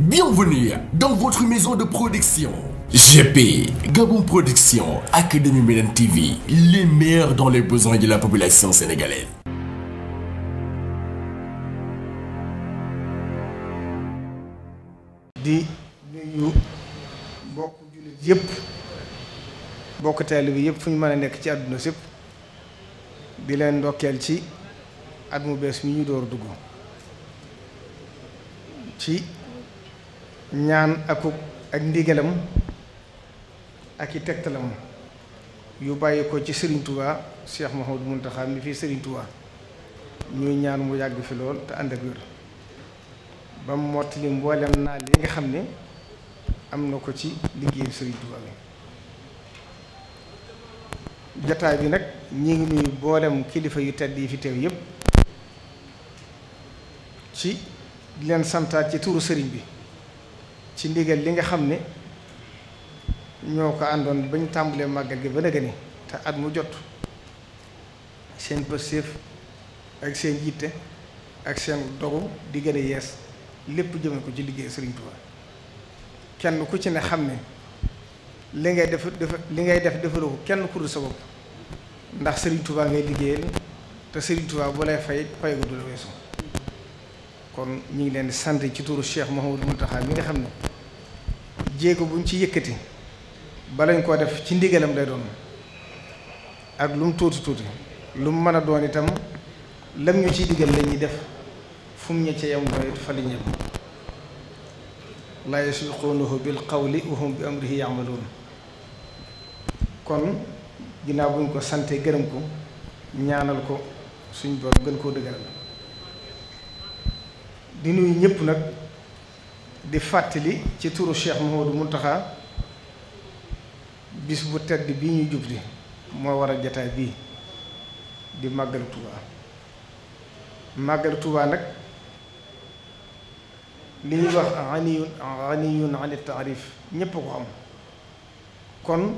Bienvenue dans votre maison de production. GP, Gabon Production, Académie Médan TV, les meilleurs dans le besoins de la population sénégalaise. di nuyu mbokk jullit yëpp mbokk taalibe yëpp fu ñu mën a nekk ci àdduna sépp di leen ndokkeel ci at mu bees mi ñu door dugg ci ñaan akuk ak ndigalam ak i tegtalam yu bàyyi ko ci Serigne Touba Cheikh Mouhamadou Mountakha mi fii fi Touba ñuy ñaan mu yàgg fi lool te ànd ak wér ba mu mottali mboolem naal yi nga xam ne am na ko ci liggéeyu Serigne Touba bi jataay bi nag ñi ngi nuyu mboolem kilifa yu tedd yi fi teew yépp ci leen santaat ci tuuru sëriñ bi ci ndigal li nga xam ne ñoo ko àndoon ba ñu tàmbalee màggal gi ba nëgë ni te at mu jot seen pëstéef ak seen yitte ak seen dogu di gën a yees lépp jëme ko ci liggéey Sëriñ Tuubaa kenn ku ci ne xam ne li ngay def li ngay def defaloo ko kenn ku dul sa bopp ndax Sëriñ Tuubaa ngay liggéeyal te Sëriñ Tuubaa bu lay fay fay ko du la weesu kon ñu ngi leen di sant ci turu Cheikh mun Mountakha mi nga xam ne jéego buñ ci yëkkati balañ koo def ci ndigalam lay doon ak lu mu tuuti tuuti lu mu mën a doon itam lam ñu ci digal la def fu mu ñëcce yam doyit fa la ñëpp laa yasbiquunahu bil qawli wa hum bi kon ginnaaw buñ ko sante gërëm ko ñaanal ko suñ borom gën koo dëgëral di nuyu ñëpp nag di fàttali ci turu Cheikh mu taxa bis bu tedd bi ñu jubli moo war a jataay bii di màggal Tuubaa màggal Tuubaa nag li ñuy wax aniyun aniyun ani ñépp ko am kon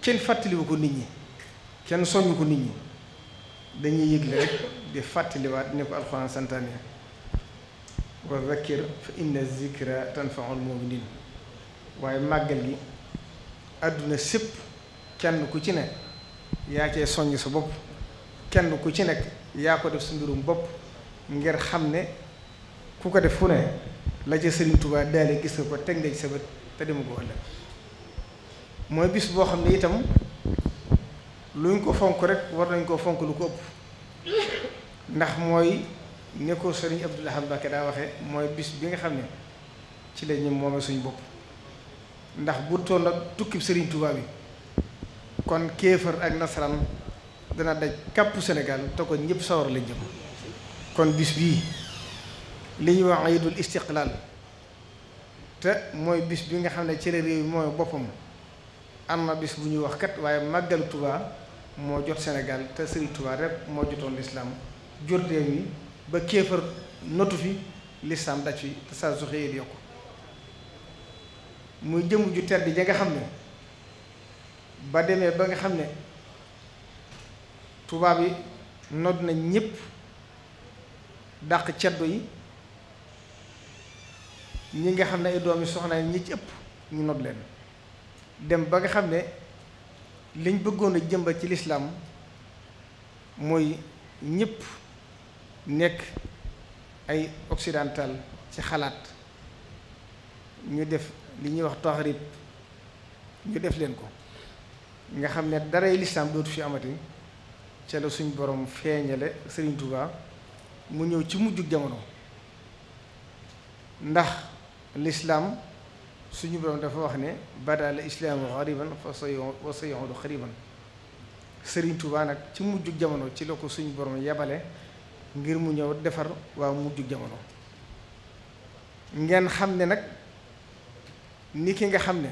kenn fàttaliwu ko nit ñi kenn soñu ko nit ñi dañuy yëgle rek di fàttaliwaat ni ko alxuraan santaane wa zakkir fa inna moom tanfaul muminin waaye màggal yi àdduna sépp kenn ku ci nekk yaa cee soññ sa bopp kenn ku ci nekk yaa ko def su mbirum bopp ngir xam ne ku ko def fu ne la ca Sëriñ Tuubaa daale gis nga ko teg nga sa bët te dema ko ëllëg mooy bis boo xam ne itam luñ ko fonk rek war nañ koo fonk lu ko ëpp ndax mooy ne ko sëriñ Abdoul Ahad Mbacké daa waxee mooy bis bi nga xam ne ci la ñu moomee suñu bopp ndax bu toll ak tukki sëriñ Touba bi kon kéefër ak nasaraan dana daj kàpp Sénégal te ko ñëpp sawar lañ jëm kon bis bi li ñuy wax ayidul istiqlaal te mooy bis bi nga xam ne ci la réew mi mooy boppam am na bis bu ñuy wax kat waaye màggal tubaa moo jot Sénégal te sëriñ Touba rek moo jotoon lislaam jot réew mi ba kéefar notu fi lislaam daj fi te saa su xëyee muy jëmm ju tedd ja nga xam ne ba demee ba nga xam ne tubaab yi not na ñépp dàq ceddo yi ñi nga xam ne ay doom yi soxna ñi ci ëpp ñu nodd leen dem ba nga xam ne liñ bëggoon a jëmbat ci lislaam mooy ñépp nekk ay occidental ci xalaat ñu def li ñuy wax toxarit ñu def leen ko nga xam ne daray lislaam dootu fi amati ca la suñ borom feeñale Sëriñ mu ñëw ci mujjug jamono ndax lislaam suñu borom dafa wax ne badaal al islaamu xariban fa sayuudu xariban Sëriñ nag ci mujjug jamono ci la ko suñu borom yebale ngir mu ñëw defar waa mu jamono ngeen xam ne nag ni ki nga xam ne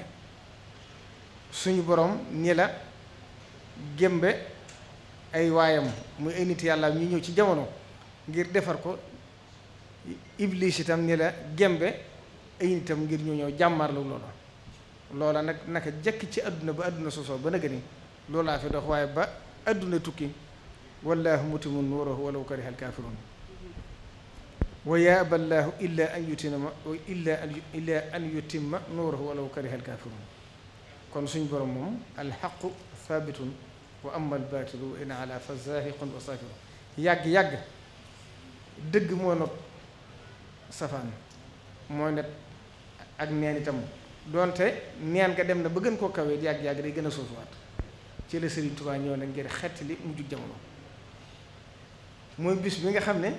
suñu boroom ni la gémbe ay waayam muy ay nit yàlla ñu ñëw ci jamono ngir defar ko iblis itam ni la gémbe ay ngir ñu ñëw jàmmarlu loola loola nag naka jekk ci àdduna ba àdduna sosoo ba nag ni loolaa fi dox waaye ba àdduna tukki wallaahu mutimu nuurahu walaw kariha alkaafiruun wa yaaba allaahu illa an yutima illa an illa an yutimma kon suñ borom moom alxaqu saabitun wa amma albaatilu in ala fa zaahiqun wa saafiru yàgg-yàgg dëgg moo not safaan mooy net ak neen itam doonte neen nga dem na ba gën koo kawee yàgg-yàgg day gën a suufuwaat ci la Sëriñ Tuubaa ñëw na ngir xettali mujj jamono mooy bis bi nga xam ne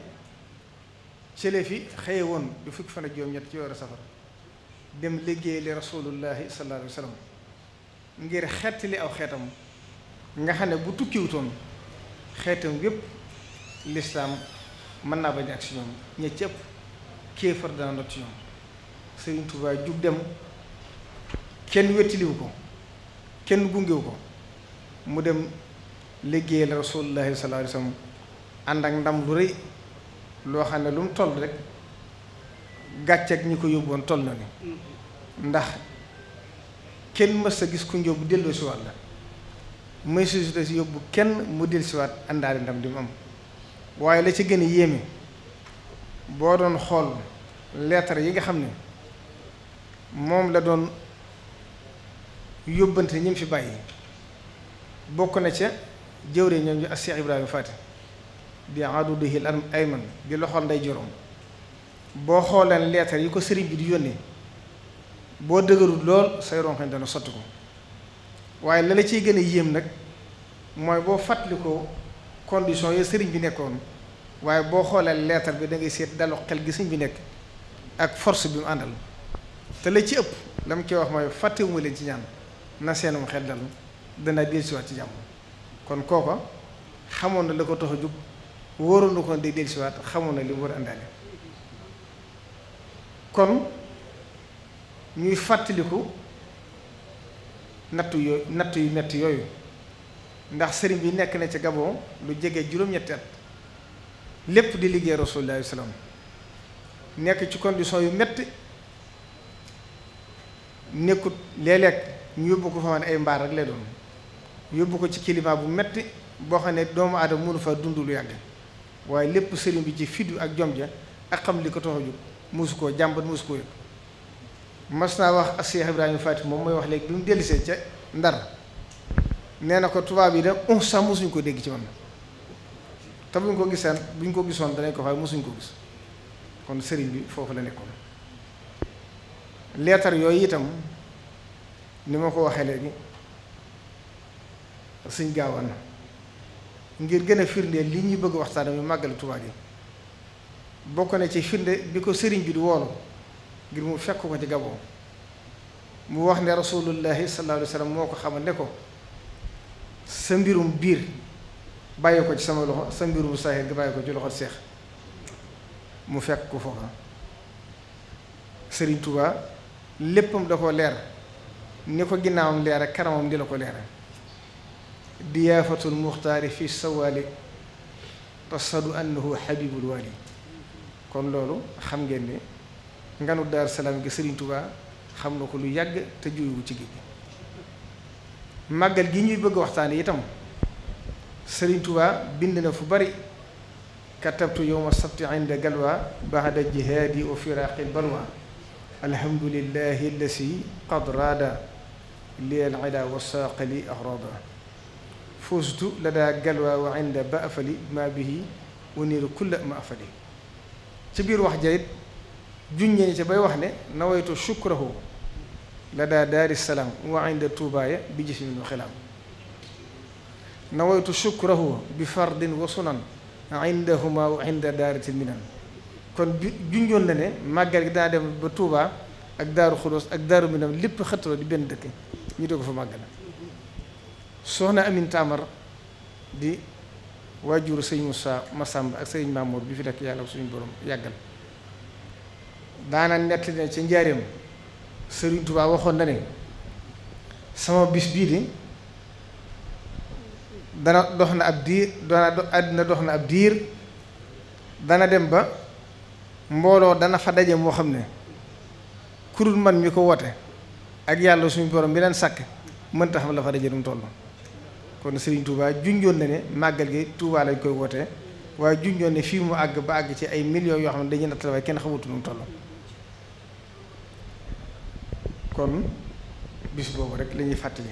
seleef yi xëye woon du fukki fan ak juróom-ñett ci weeru safar dem liggéey li rasulullahi sallallahu alayhi wa sallam ngir xettali aw xeetam nga xam ne bu tukkiwutoon xeetam yépp lislaam mën naa bañ ak si ñoom ña cëpp kéefar dana ndot ci ñoom Sëriñ Tuubaa jug dem kenn wettiliwu ko kenn gungewu ko mu dem liggéey li rasulullahi sallallahu alayhi wa sallam ànd ak ndam lu rëy loo xam ne lu mu toll rek gàcceeg ñi ko yóbboon toll na ni mm-hmm. ndax kenn mës a gis ku njóob bu delloo siwaat la may susita si yóbbu kenn mu del siwaat àndaale ndam di mu am waaye la ci gën a yéeme boo doon xool leetar yi nga xam ne moom la doon yóbbante ñu mu fi bàyyi bokk na ca jëwre ñoom ñu as Cheikh Ibrahima Fati bi adudihi ay man di loxol nday joroom boo xooleen leetar yi ko sëriñ bi di yónnee boo dëgërul lool say ronkañ dana sotti ko waaye la la ciy gën a yéem nag mooy boo fàttalikoo condition yi sëriñ bi nekkoon waaye boo xoolee leetar bi da ngay seet dalu xel gi bi nekk ak force bi mu àndal te la ci ëpp la mu koy wax mooy fàttewuma leen ci ñaan na seenum xel dal dana dellusiwaat ci jàmm kon kooka xamoon na la ko tox a jug wóoroon na kon day dellusiwaat xamoon na li mu war a àndaale kon ñuy fàttaliku nattu yu metti yooyu ndax sëriñ bi nekk na ci Gabon lu jege juróom-ñetti at lépp di liggéey Rasulullah salaam nekk ci condition yu metti nekkut léeg-léeg ñu yóbbu ko fa ay mbaar rek lay doon yóbbu ko ci climat bu metti boo xam ne doomu aadama mënu fa dund lu yàgg waaye lépp sëriñ bi ci fit ak jom ja ak xam li ko tox a jóg mosu koo jàmbat mosu koo yëg mas naa wax ak Cheikh Ibrahima moom mooy wax léegi bi mu dellisee ca ndar nee na ko tubaab yi de on sax mosuñ ko dégg ci man te buñ ko gisaan buñ ko gisoon danañ ko waaye mosuñ ko gis kon sëriñ bi foofu la nekkoon leetar yooyu itam ni ma ko waxee léegi suñ gaawaan na ngir gën a firndeel li ñuy bëgg waxtaan mi màggal Tuubaa gi bokk na ci firnde bi ko sëriñ bi di woolu ngir mu fekk ko ci Gabon mu wax ne rasulullahi sallallahu alayhi wa moo ko xamal ne ko sa mbirum biir bàyyi ko ci sama loxo sa mbirum saaxir gi bàyyi ko ci loxo seex mu fekk ko foofa sëriñ Tuubaa léppam da ko leer ni ko ginnaawam leer ak kanamam di la ko leer diyaafatul muxtaari fi sawaalik tasadu annahu xabibul waali kon loolu xam ngeen ni nganu daar salaam gi Sëriñ xam na ko lu yàgg te juyu ci géej gi màggal gi ñuy bëgg waxtaan itam Sëriñ Tuubaa bind na fu bari katabtu yowma sabti inda galwa baxda jihaadi wa firaaqil balwa alhamdulillahi allasi qad raada li al ida wa saaqali ahrada fuustu la daa galwaa wa inda ba afali ma bihi waniiru kulla ma afali ci biir wax jayit junjee ci bay wax ne nawaytu shukrahu la daa daari salaam wa inda tuubaaya bi jismin wa xilaam nawaytu shukrahu bi fardin sunan indahuma wa inda daaratil minan kon bi junjoon na ne màggal gi daa dem ba Tuubaa ak daaru xuloos ak daaru minam lépp xëttaloo di benn dëkk ñu dee ko fa màggal soxna Amin Tamar di waajuru sëñ Moussa Massamba ak sëñ Mamour bi fi nekk yàlla suñu boroom yàggal daana nett ne ca njaareem sëriñ Tuubaa waxoon na ne sama bis bii di dana dox na ab diir dana àddina dox na ab diir dana dem ba mbooloo dana fa daje moo xam ne kurul man mi ko woote ak yàlla suñu borom bi leen sàkk mënta xam la fa daje dum toll kon Serigne Touba junjoon na ne màggal gi tuubaa lañ koy wootee waaye junjoon ne fii mu àgg ba àgg ci ay millions yoo xam ne dañuy nattal kenn xamutu nu mu toll. kon bis boobu rek lañuy fàttali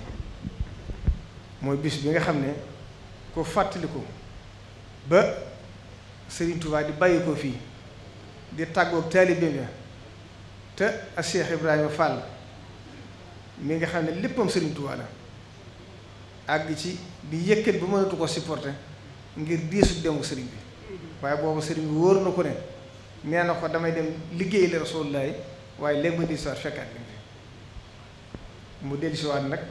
mooy bis bi nga xam ne fàttali ko ba sëriñ Touba di bàyyi ko fii di tàggoog taalibeem ya te a Cheikh Ibrahima Fall mi nga xam ne léppam Serigne Touba la. àgg ci bi yëkkat bi mënatu ko supporter ngir diisu demu sëriñ bi waaye boobu sëriñ bi wóor na ko ne nee na ko damay dem liggéey la Rasulullah waaye léegi ma diisuwaat fekkaat bi mu dellusiwaat nag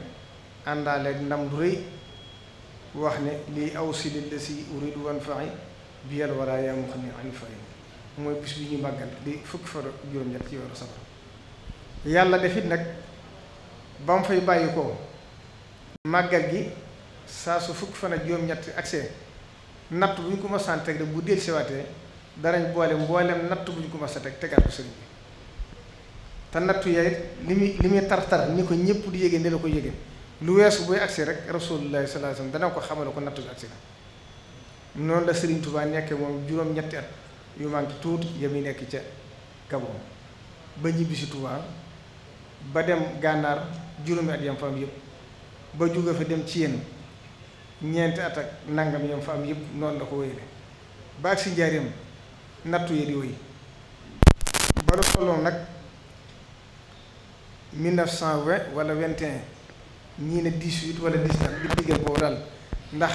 àndaale ak ndam rëy wax ne lii aw si li la si uridu wan faxi bi yàlla wala yaa mu xam ne ani faxi mooy bis bi ñu màggal di fukki fan juróom-ñett ci weeru safar yàlla defit nag ba mu fay bàyyi ko màggal gi saa su fukk fan ak juróom-ñett accès natt bu ko ma a teg rek bu déllu siwaatee danañ boole mboolem natt bu ñu ko mos a teg tegaat ko sëriñ te nattu yaay li muy li muy tar ni ko ñëpp di yége ne ko yége lu weesu buy agsi rek rasulullah sallallahu alayhi wasallam dana ko xamal ko nattu bi agsi na noonu la Serigne Touba nekkee moom juróom-ñetti at yu manqué tuuti yami nekk ca Gabon ba ñibbisi Touba ba dem gànnaar juróomi at yam fa am ba jóge fa dem ci yéen ñeenti at ak nangam ñoom fa am yëpp noonu la ko wéyale ba ak si njaareem nattu yi di wéy ba lu tolloon nag 1920 wala 21 ñii ne 18 wala 19 di diggante boobu daal ndax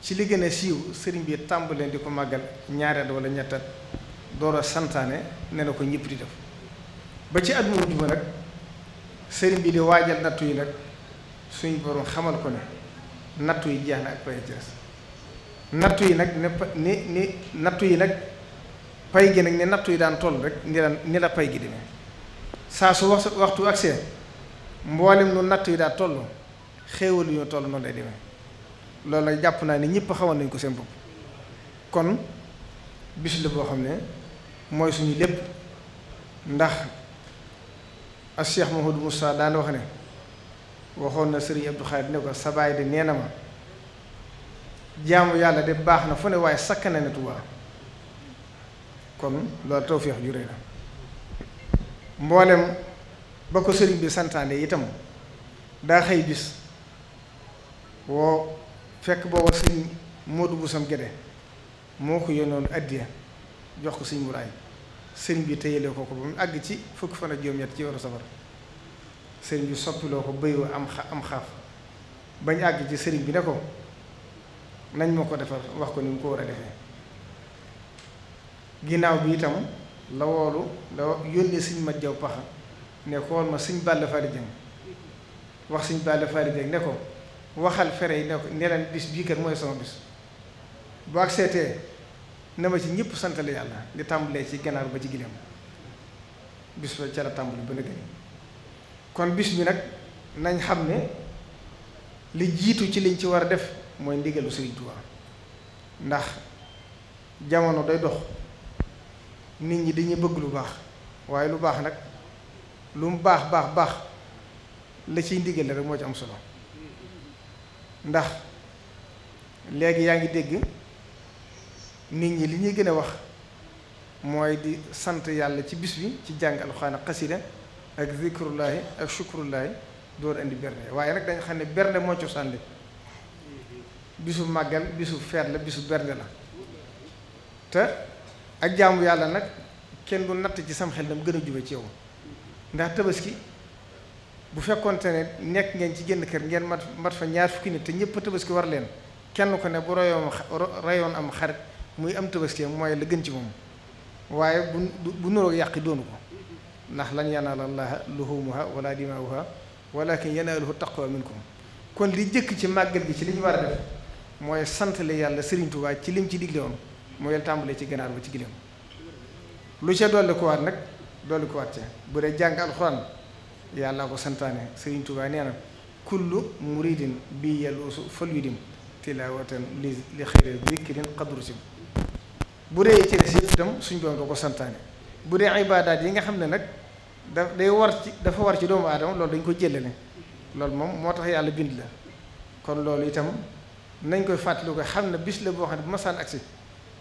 ci li gën a siiw sëriñ bi tàmbalee di ko màggal ñaari at wala ñett at door a santaane ne na ko ñëpp di def ba ci at mu mujj ba nag sëriñ bi di waajal nattu yi nag. suñ borom xamal ko ne nattu yi jeex na ak pay ci nattu yi nag ne ni nattu yi nag pay gi nag ne nattu yi daan toll rek ni la pay gi demee saa su wax waxtu ak seen mboolem nu nattu yi daan toll xéewal yu ñu toll noonu lay demee loolu nag jàpp naa ni ñëpp xawoon nañ ko seen bopp kon bis boo xam ne mooy suñu lépp ndax moo Cheikh Mahmoud Moussa daan wax ne. waxoon na sëriñ Abdou Khadre ne ko sa baay de nee na ma jaamu yàlla de baax na fu ne waaye sakk na ne Tuubaa kon loolu tawféex ju la mboolem ba ko sëriñ bi santaane itam daa xëy bis woo fekk booba sëriñ Moodu Busam Gede moo ko yónnoon addiya jox ko sëriñ Muraay sëriñ bi téyelee ko ko ba mu àgg ci fukk fan ak juróom-ñett ci weeru Safar sëriñ bi soppiloo ko bëy wa am am xaaf bañ àgg ci sëriñ bi ne ko nañ ma ko defar wax ko ni mu ko war a defee ginnaaw bi itam la woolu la yónnee siñ ma jaw paxa ne xool ma sëñ Balla Fally Dieng wax sëñ Balla Fally ne ko waxal fere yi ne ko bis bii kat mooy sama bis bu ak seetee na ma ci ñëpp santale yàlla di tàmbalee ci ganaar ba ci gileem bis ba ca la tàmbali ba kon bis bi nag nañ xam ne li jiitu ci liñ ci war a def mooy ndigalu Sëriñ Tuubaa ndax jamono day dox nit ñi dañuy bëgg lu baax waaye lu baax nag lu mu baax baax baax la ciy ndigal rek moo ci am solo ndax léegi yaa ngi dégg nit ñi li ñuy gën a wax mooy di sant yàlla ci bis bi ci jàng alxuraan xasida ak zikrullahi ak shukrullahi door indi bernde waaye nag dañ xam ne bernde moo cosaan bi bisu màggal bisu feet la bisu bernde la te ak jaamu yàlla nag kenn bu natt ci sam xel dam gën a jube ci yow ndax tabaski bu fekkonte ne nekk ngeen ci génn kër ngeen mat mat fa ñaar fukki nit te ñëpp tabaski war leen kenn ko ne bu rayoon rayoon am xarit muy am tabaski mooy la gën ci moom waaye bu bu nuroog yàqi doonu ko ndax lan yanaala allaha luhumuha wala dimaawuha walakin yanaaluhu taqwa minkum kon li jëkk ci màgget gi ci li ñu war a def mooy santale yàlla Sëriñ Tuubaa ci lim ci digle woon mooy tàmbalee ci ganaar ba ci gileem lu ca dolli ko waat nag dolli ko waat ca bu dee jàng alxuraan yàlla ko santaane Sëriñ Tuubaa nee na kullu muridin bi yaloosu fal yu dim tilaawatan li li xëyre zikrin qadru si bu dee ci des itam suñ doon nga ko santaane bu dee ibaadaat yi nga xam ne nag da day war ci dafa war ci doomu aadama loolu dañ ko jëlale loolu moom moo tax yàlla bind la kon loolu itam nañ koy fàttali xam ne bis la boo xam ne bu masaan agsi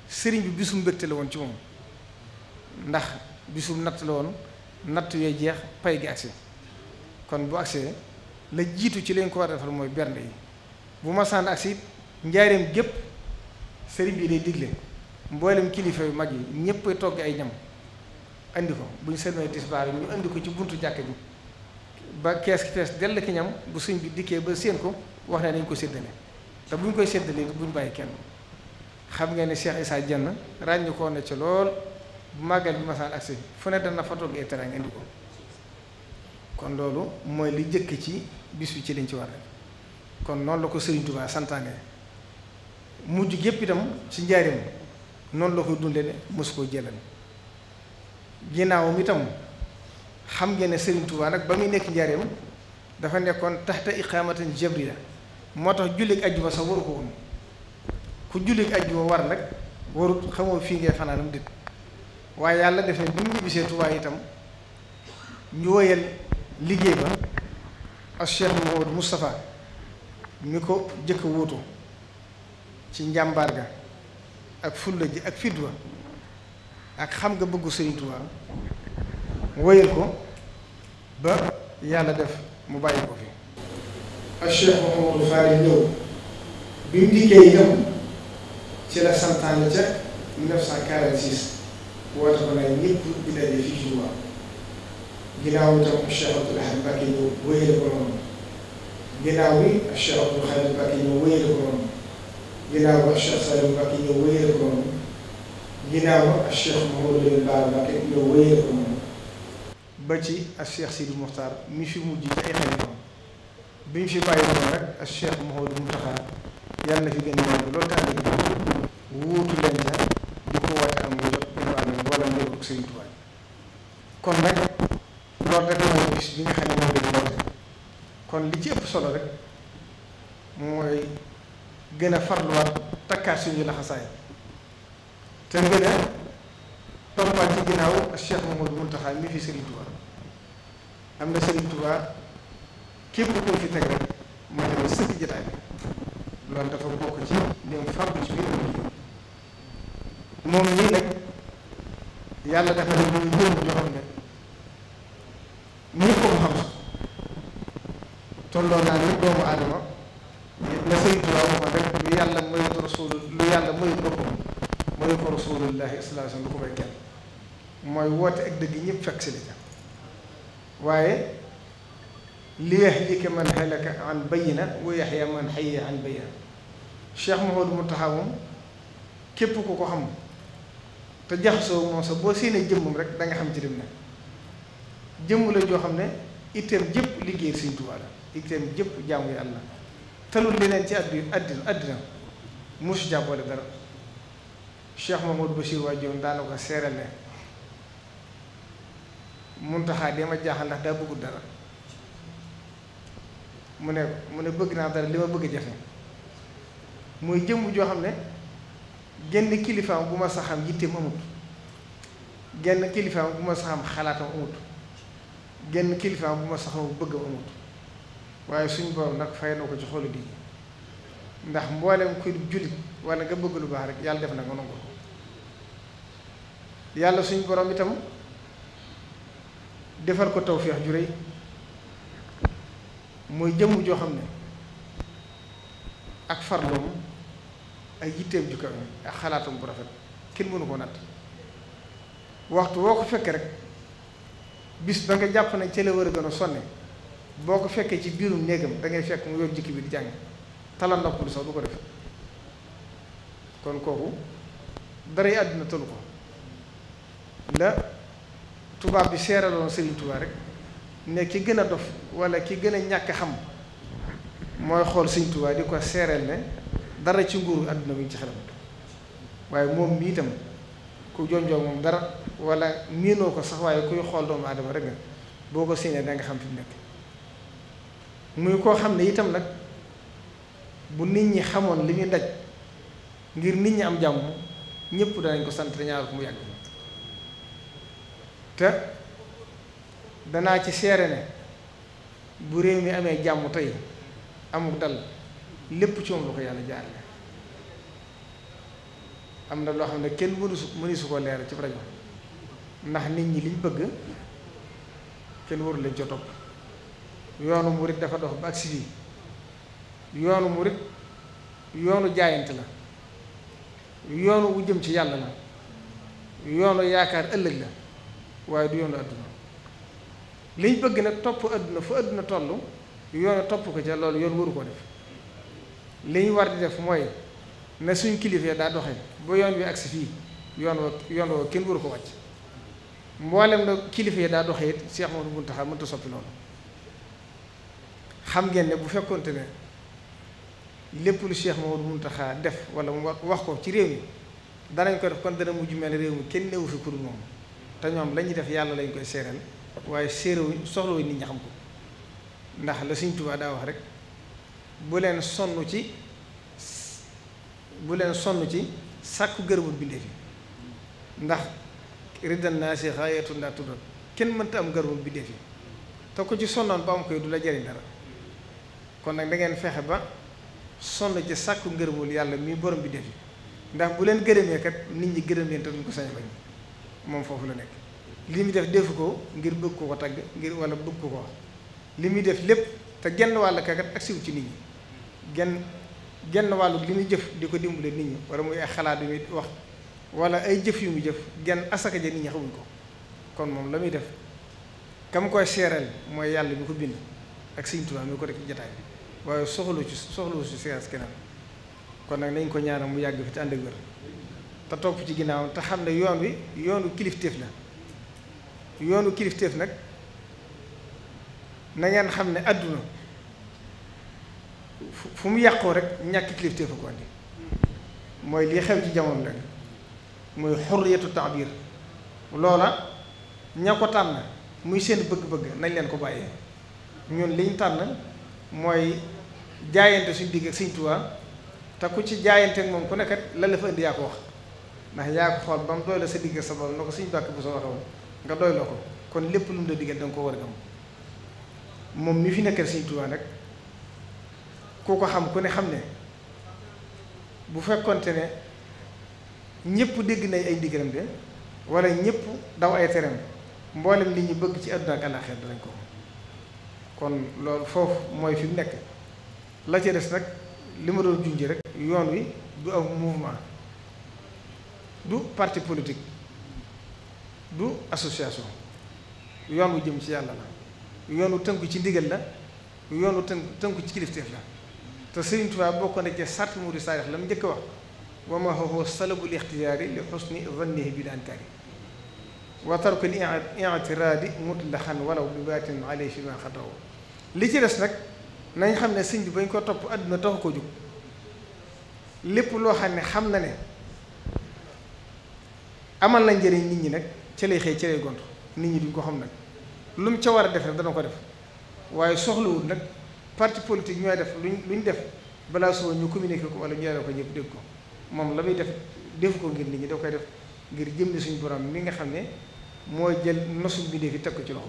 sëriñ bi bisum mbégte la woon ci moom ndax bisum natt la natt yooyu jeex pay gi agsi kon bu agsee la jiitu ci lañ ko war a defal mooy bernde bu masaan agsi njaareem gépp sëriñ bi day digle mboolem kilifa yu mag yi ñëpp togg ay ñam andi ko bu ñu sëlmee tisbaar ñu indi ko ci buntu jàkk ji ba kees ki fees dell ki ñam bu suñ bi dikkee ba séen ko wax ne nañ ko séddale te bu ñu koy séddalee bu bàyyi kenn xam nga ne Cheikh Issa Dienne ràññu ko ne ci lool bu màggal bi masaan agsi fa togg ay terrain indi ko kon loolu mooy li jëkk ci bis bi ci liñ ci war kon noonu la ko Sëriñ Tuubaa santaane mujj gépp itam ci njaarim noonu la ko dundee ne mosu koo jëlal ginnaawam itam xam ngeen ne Serigne Touba nag ba muy nekk njaareem dafa nekkoon taxta iqaamatan jabriya moo tax jullit ajjuma sax waru ko woon ku jullit ajjuma war nag warut xamoo fii ngay fanaanam dit waaye yàlla def ne bi mu ñibbisee Touba itam ñu woyal liggéey ba ak Cheikh Mouhamadou Moustapha mi ko jëkk wuutu ci njàmbaar ga ak fulla ji ak fidwa ak xam nga bëggu Sëriñ Tuubaa wéyal ko ba yàlla def mu bàyyi ko fi ak Cheikh Mouhamadou Farid ñëw bi mu dikkee itam ci la santaane ca 1946 woote ko nag ñëpp di daje fii ci Tuubaa ginnaaw itam ak Cheikh Abdoul Ahad Mbacké ñëw wéyale ko noonu ginnaaw bi ak Cheikh Abdoul Khadr Mbacké ñëw wéyale ko noonu ginnaaw bi ak Cheikh Salim Mbacké ñëw wéyale ko noonu ginnaaw ak Cheikh Mouhamadou moom ba ci ak Cheikh Sidi Moukhtar mi fi mujj ci ay xalifa bi ñu fi bàyyi noonu rek ak Cheikh Mouhamadou Mountakha yàlla na fi gën a yàgg loolu te wuutu leen ca di ko woote am nga jot di ko ànd wala nga kon li ci ëpp solo rek mooy gën a farluwaat takkaat suñu laxasaay te ngeen a toppaat ci ginnaaw Cheikh Mamadou Mountakha mi fi Serigne Touba am na Serigne Touba képp ku fi teg rek moo demal sëkk jotaay bi loolu dafa bokk ci lim fàggu ci biir moom lii nag yàlla dafa ne muy yëngu joo xam ne ñëpp ko xam tolloo naa ni doomu aadama la Serigne Touba waxoon rek lu yàlla moytu rasul lu yàlla moytu boppam roy ko rasuulullahi sallallahu mooy woote ak ñëpp fekk si li ca waaye li yahlika man halaka an bayyina wa yahya man hayya an bayyina Cheikh Mouhamadou Mountakha moom képp ku ko xam te jaxasoo moom sax boo séenee jëmmam rek danga xam ci dem ne jëmm la joo xam ne itteem jëpp liggéey Sëriñ Tuubaa la itteem jëpp jaamu Yàlla talul leneen ci àddina àddina musu jàppale dara Cheikh Mamadou Bachir waa Diop daana ko seeral ne Muntaxa dee ma jaaxal ndax daa bëggul dara mu ne mu ne bëgg naa dara li ma bëgg jafe mooy jëmm joo xam ne genn kilifaam bu ma saxam yitteem amut genn kilifaam bu ma saxam xalaatam amut genn kilifaam bu ma saxam bëggam amut waaye suñu borom nag fay na ko ci xolu di ndax mboolem kuy jullit wala nga bëgg lu baax rek yàlla def na nga nangu yàlla suñ borom itam defal ko tawféex ju réy mooy jëmm joo xam ne ak farloom ay yitteem ju kawe ak xalaatam bu rafet kenn mënu ko natt waxtu woo ko fekkee rek bis ba nga jàpp ne ca la war a gën a sonne boo ko fekkee ci biirum néegam dangay fekk mu yor jikki bi di jàng tala noppalu sax du ko def kon kooku daray àdduna tëlu ko la tubaab bi seeraloon Serigne rek ne ki gën a dof wala ki gën a ñàkk xam mooy xool Serigne Touba di ko seereel ne dara ci nguuru àdduna bi ci xelam waaye moom itam ku jonjoo moom dara wala miinoo ko sax waaye kuy xool doomu aadama rek nga boo ko séenee da nga xam fi mu nekk muy koo xam ne itam nag bu nit ñi xamoon li ñu daj ngir nit ñi am jàmm ñëpp danañ ko sant ñaar ko mu yàgg. te danaa ci seere ne bu réew mi amee jàmm tey amul dal lépp ci moom la ko yàlla jaarale am na loo xam ne kenn mënu su ko leer ci rajo ndax nit ñi liñ bëgg kenn warul lañ ca topp yoonu murit dafa dox ba agsi bi yoonu murit yoonu jaayante la yoonu wu jëm ci yàlla la yoonu yaakaar ëllëg la waaye du yoonu àdduna liñ bëgg nag topp àdduna fu àdduna toll yoonu topp ko ca loolu yoon waru koo def li ñu war di def mooy na suñ kilifa daa doxe ba yoon bi agsi fii yoon wa yoon wa kenn waru ko wàcc mboolem na kilifa daa doxee it Cheikh Mouhamadou Mountakha mënta soppi loolu xam ngeen ne bu fekkoonte ne lépp lu Cheikh mun taxaa def wala mu wax ko ci réew mi danañ ko def kon dana mujj mel ne réew mi kenn newu fi kuréel moom. te am lañuy def yàlla lañu koy seeral waaye séeréwuñ soxlawuñ nit ñi xam ko ndax la Sëñ Tuubaa daa wax rek bu leen sonn ci bu leen sonn ci sàkku gërëmul bindee fi ndax riddal naa si xaayatul ndaa tuddal kenn mënta am gërëmul bindee yi te ko ci sonnoon ba am koy du la jariñ dara kon nag da ngeen fexe ba sonn ci sàkku ngërëmul yàlla mi borom bindee yi ndax bu leen gërëmee kat nit ñi gërëm leen te duñ ko sañ bañ moom foofu la nekk li muy def defu ko ngir bëgg ko ko tagg ngir wala bëgg ko li muy def lépp te genn wàll kakat ak siw ci nit ñi genn genn wàllu li muy jëf di ko dimbale nit ñi wala muy ay xalaat yu muy wax wala ay jëf yu mu jëf genn asaka ja nit ñi xamuñ ko kon moom la muy def kam koy seereel mooy yàlla mu ko bind ak Sëñ Tuubaa mi ko def jataay waaye soxlu ci soxlu ci séance keneen kon nag nañ ko ñaanal mu yàgg fi ci ànd ak wér te topp ci ginnaawam te xam ne yoon wi yoonu kilifteef la yoonu kilifteef nag na ngeen xam ne àdduna fu mu yàqoo rek ñàkk kilifteef a mooy lii xew ci jamono nag mooy xurriyatu taabir loola ña ko tànn muy seen bëgg-bëgg nañ leen ko bàyyee ñun liñ tànn mooy jaayante suñ digg ak Sëñ te ku ci jaayante moom ku nekkat la la indi yaa ko wax ndax yaa ko xool ba mu doy la sa diggal sa borom na ko bàkk bu soo waxee nga doy ko kon lépp lu mu la diggal da ko war a gëm moom mi fi nekkal Sëriñ Tuubaa nag xam ku xam ne bu fekkonte ne ñëpp dégg nañ ay ndigalam de ñëpp daw ay teram mboolem li ñu bëgg ci àdduna ak àllaaxira ko kon loolu foofu mooy fi mu nekk la ca des nag li ma doon junj rek yoon wi du am mouvement. du parti politique du association yoon wu jëm ci yàlla la yoon wu tënku ci ndigal la yoon wu tënku tënku ci kilifteef la te Sëriñ Tuubaa bokk na ci sart murid saalix la mu njëkk a wax wa ma huwa salabul ixtiyaari li xusni zannihi bi daankaari wa tarku li i'tiraadi mutlaxan walaw bi baatin alayhi fi ma xadraw li ci des nag nañ xam ne sëñ bi bañ ko topp àdduna taxu ko jóg lépp loo xam ne xam na ne amal na njëriñ nit ñi nag ca lay xëy gont nit ñi duñ ko xam nag lu mu ca war a def rek dana ko def waaye soxlawul nag parti politique ñooy def luñ ñu def balaa soo ñu communiqué ko wala ñu yàlla ko ñëpp dégg ko moom la muy def def ko ngir nit ñi da koy def ngir jëmli suñu borom mi nga xam ne mooy jël nosu bi fi teg ko ci loxo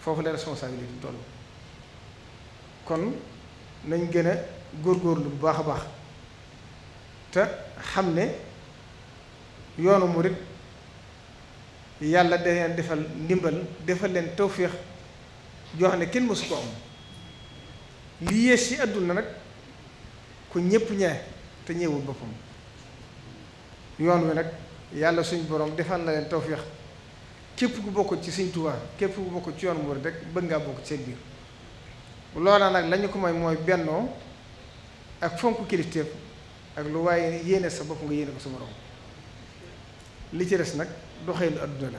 foofu la responsabilité toll kon nañ gën a góor góorgóorlu bu baax a baax te xam ne. yoonu murit yàlla da leen defal ndimbal defal leen tawféex joo ne kenn mësu ko am li yées ci àdduna nag ku ñépp ñee te ñëwul boppam yoon wi nag yàlla suñu boroom defal na leen tawféex képp ku bokk ci Sëñ Tuubaa képp ku bokk ci yoon murit rek bëgg ngaa bokk ci seen biir loola nag lañu ko may mooy bennoo ak fonk kilifteef ak lu waaye yéene sa bopp nga yéene ko sa borom li ci des nag doxeenu àdduna la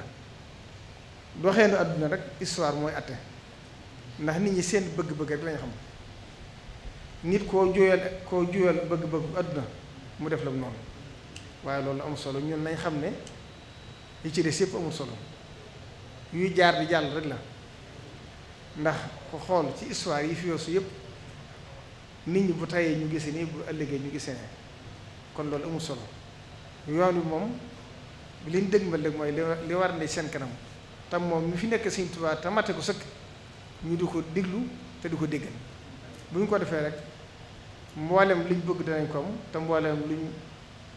doxeenu àdduna rek histoire mooy atte ndax nit ñi seen bëgg-bëgg rek lañ xam nit koo juyal koo juyal bëgg-bëgg bu àdduna mu def la noonu waaye loolu amul solo ñun nañ xam ne li ci des yëpp amul solo yuy jaar di jàll rek la ndax ko xool ci histoire yi fi yoosu yëpp nit ñi bu tayee ñu gisee nii bu ëllëgee ñu gisee ne kon loolu amul solo yoon wi moom li ñu dëgmal nag mooy li war ne seen kanam tam moom mi fi nekk Sëñ Tuubaa te ko sëkk ñu di ko déglu te du ko déggal bu ñu ko defee rek mboolem liñ bëgg danañ ko am te mboolem ñu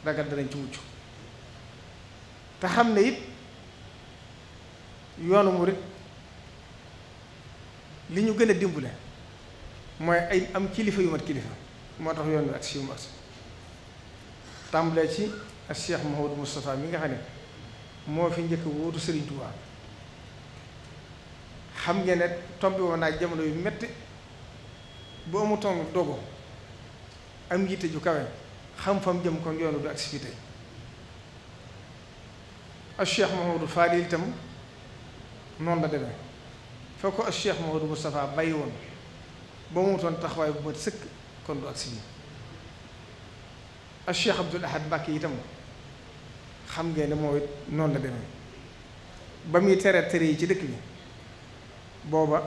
ragal danañ ci mucc te xam ne it yoonu murit li ñu gën a dimbale mooy ay am kilifa yu mat kilifa moo tax yoon wi ak si yu mu ci ak Cheikh Mouhamadou Moustapha mi nga xam ne moo fi njëkk wóotu Serigne Touba xam ngeen ne tombi woon naa jamono yu metti bu amutoon dogo am yitte ju kawe xam fam jëm kon yoonu du activité ak Cheikh Mouhamadou Fadil itam noonu la demee foo ko ak Cheikh Mouhamadou Moustapha bàyyi woon ba mu wutoon taxawaay bu mat sëkk kon du activité ak Cheikh Abdoul Ahad Mbacké itam. xam ngeen ne moo it noonu la demee ba muy tere tere yi ci dëkk bi booba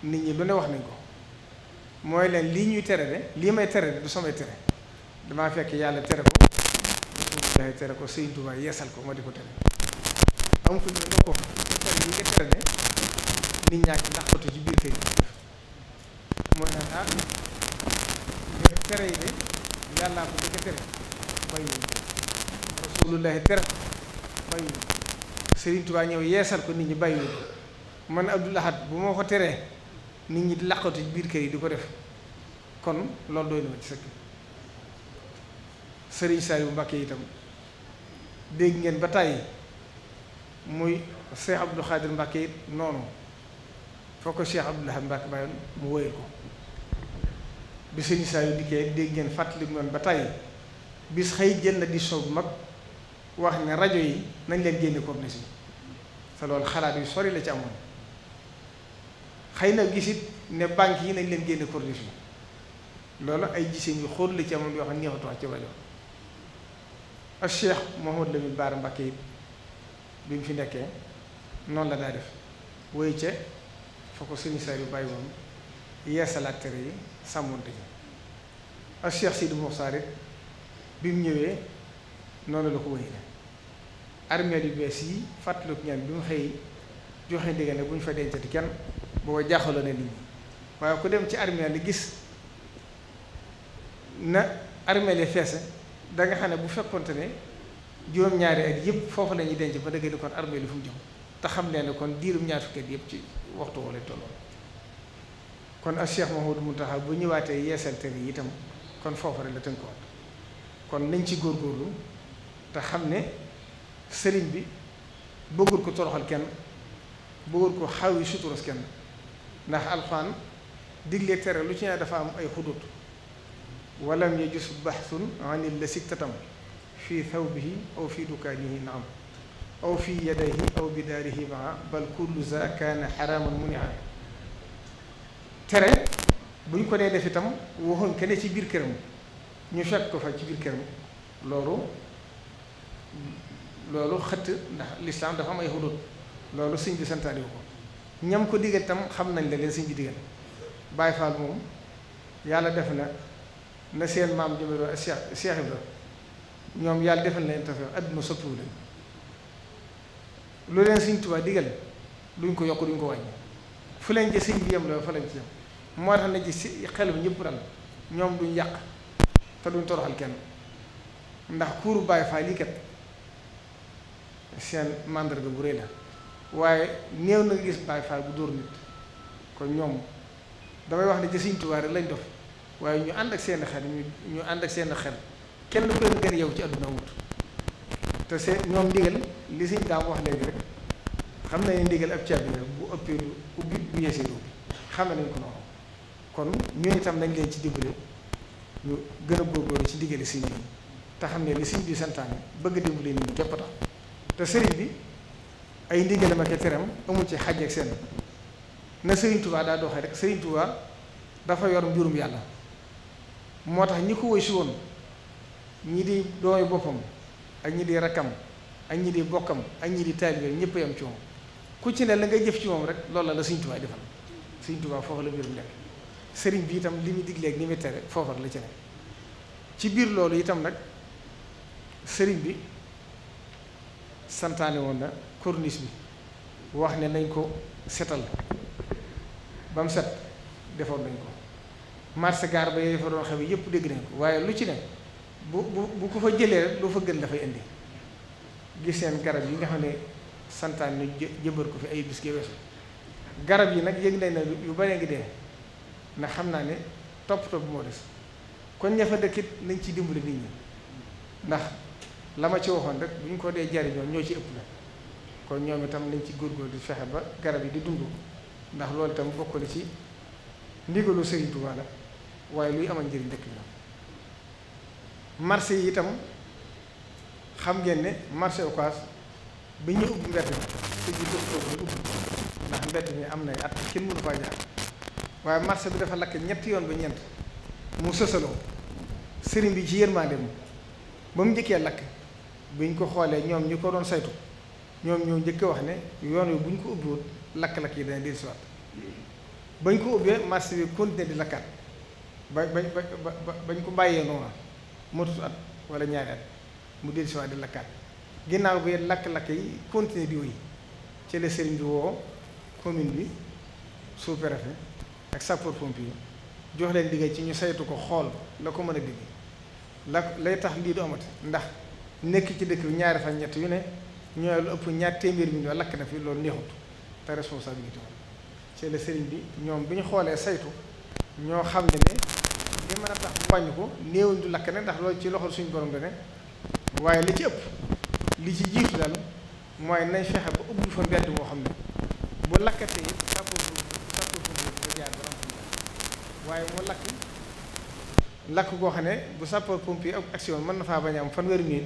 nit ñi lu ne wax nañ ko mooy leen lii ñuy tere de lii may tere de du samay tere damaa fekk yàlla tere ko daay tere ko Sëriñ yeesal ko ma di ko tere am ko ñu yi nga tere de nit ñaa ngi làqatu ci biir kër yi mooy naan ah tere yi de yàllaa ko dëkk tere bàyyi rasulullahi tere bàyyi Serigne Touba ñëw yeesal ko nit ñi bàyyi man Abdul bu moo ko teree nit ñi laqatu biir kër yi di ko def kon loolu doy na ma ci sëkk yi Saliou Mbacké itam dégg ngeen ba tàyyi muy Cheikh Abdou Khadir Mbacké it noonu foo ko Cheikh Abdou Lahad Mbacké bàyyoon mu wóyal ko bi dikkee dégg ngeen fàttali mu ba tàyyi bis xëy jël na di soobu mag wax ne rajo yi nañ leen génne corniche bi te loolu xalaat yu sori la ci amoon xëy na gisit ne banque yi nañ leen génne corniche bi loolu ay giseen yu xóot la ci amoon yoo xam ne neexatu wax ci rajo ak Cheikh Mouhamadou Lamine Bara Mbacké it bi mu fi nekkee noonu la daa def wéy ca fa ko sëriñ Saliou bàyyi woon yeesalaat tere yi sàmmoonte ci ak Cheikh Sidi Moussa it bi mu ñëwee noonu la ko wëyee armeel yu bees yi fàttaliku ñaan bi mu xëy joxe ndigal ne bu ñu fa dencati kenn booba jaaxaloo na nit ñi waaye ku dem ci armeel li gis na armeel yi feese da xam ne bu fekkonte ne juróom-ñaari at yëpp foofu la ñuy denc ba dëgg di kon armeel yi fu mu jëm te xam leen ne kon diirum ñaar yëpp ci waxtu wala tolloon kon ak Cheikh Mouhamadou Mountakha bu ñëwaatee yeesal tere yi itam kon foofu rek la tënkuwaat kon nañ ci góorgóorlu. te xam ne sëriñ bi bëggul ko toroxal kenn bëggul ko xaw yi suturas kenn ndax alxuraan digle tere lu ci ne dafa am ay xudut walam yajus baxsun anil la siktatam fii thawbihi aw fii dukaanihi naam aw fii yadayhi aw bidaarihi maa bal kullu za kaana xaraaman munia tere bu ñu ko dee def itam waxul ke ci biir këram ñu fekk ko fa ci biir këram loolu loolu xëtt ndax lislaam dafa am ay loolu sëñ bi santaaniwu ko ñam ko digal tam xam nañ la leen sëñ bi digal Baay Faal moom yàlla defe na na seen maam jëme doon Cheikh Cheikh Ibra ñoom yàlla defe na leen tafe adduna soppiwu leen lu leen sëñ Tuubaa digal duñ ko yokk duñ ko wàññi fu leen ci sëñ bi yem loolu fa ci yem moo tax na ci si xel bi ñëpp dal ñoom duñ yàq te duñ toroxal kenn ndax kuuru Baay Faal yi kat seen màndarga bu rëy la waaye néew na gis Baay bu dóor nit kon ñoom damay wax ne ci Sëriñ Tuubaa rek lañ dof waaye ñu ànd ak seen xel ñu ñu ànd ak seen xel kenn ku leen yow ci àdduna wut te seen ñoom ndigal li Sëriñ daam wax léegi rek xam nañ ne ndigal ab caabi la bu ëppee du ubbi bu yeesee du ubbi xam nañ ko noonu kon ñun itam nañ leen ci dimbale ñu gën a góorgóorlu ci ndigali Sëriñ bi te xam ne li Sëriñ bi santaane bëgg dimbale nit ñi képp tax te sëriñ bi ay ndigalam ak teram amul ci xàjj ak seen na sëriñ Touba daa doxee rek sëriñ Touba dafa yor mbirum yàlla moo tax ñi ko woy si woon ñi di doomi boppam ak ñi di rakkam ak ñi di bokkam ak ñi di taalibeem ñëpp yam ci moom ku ci ne la nga jëf ci moom rek loolu la la sëriñ Touba defal sëriñ Touba foofu la mbirum nekk sëriñ bi itam li muy digle ak ni muy tere foofa la ci ne ci biir loolu itam nag sëriñ bi. santaane woon na korniis bi wax ne nañ ko setal ba set defoon nañ ko marché gaar ba yooyu fa doon xew yépp dégg nañ ko waaye lu ci ne bu bu bu ko fa jëlee rek fa gën dafay indi gis seen garab yi nga xam ne santaan ñu jëmbar ko fi ay bis gi garab yi nag yëg nañ ne yu bare ngi dee ndax xam naa ne topp topp moo des kon ña fa dëkkit nañ ci dimbali nit ñi ndax la ma ci waxoon rek bu ñu ko dee jariñoo ñoo ci ëpp la kon ñoom itam nañ ci góorgóor di fexe ba garab yi di dund ndax loolu itam bokk na ci ndigalu Sëriñ Tuubaa waaye luy amal njëriñ dëkk la marché yi itam xam ngeen ne marché Ocass bi ñu ubbi mbedd bi te ji dëkk ubbi ndax mbedd mi am na at kenn mënu faa jaar waaye marché bi dafa lakk ñetti yoon ba ñeent mu sësaloo sëriñ bi ci yërmande mu ba mu njëkkee lakk ñu ko xoolee ñoom ñu ko doon saytu ñoom ñoo njëkk wax ne yoon wi buñ ko ubbiwut lakk-lakk yi dana dellusiwaat bañ ko ubbee marché bi di lakkaat ba ba ba bañ ko bàyyee noonu motut at wala ñaari at mu dellusiwaat di lakkaat ginnaaw bi lakk-lakk yi continué di yi ci la sëriñ bi woo commune bi sous-préfet ak sapeur pompier jox leen liggéey ci ñu saytu ko xool la ko mën a digg la lay tax lii du ndax. nekk ci dëkk bi ñaari fan ñett yu ne ñooy lu ëpp ñaar téeméer bi ñoo lakk na fi loolu neexut te responsabilité moom c'est le sëriñ bi ñoom bi ñu xoolee saytu ñoo xam ne ne li mën a tax wàññi ko néewuñ du lakk ne ndax loolu ci loxol suñu borom dene waaye li ci ëpp li ci jiitu daal mooy nañ fexe ba ubbi fa mbedd moo xam ne bu lakkatee it waaye mu lakk lakk goo xam ne bu sapeur pompier ak action mën na faa bañ a am fanweeri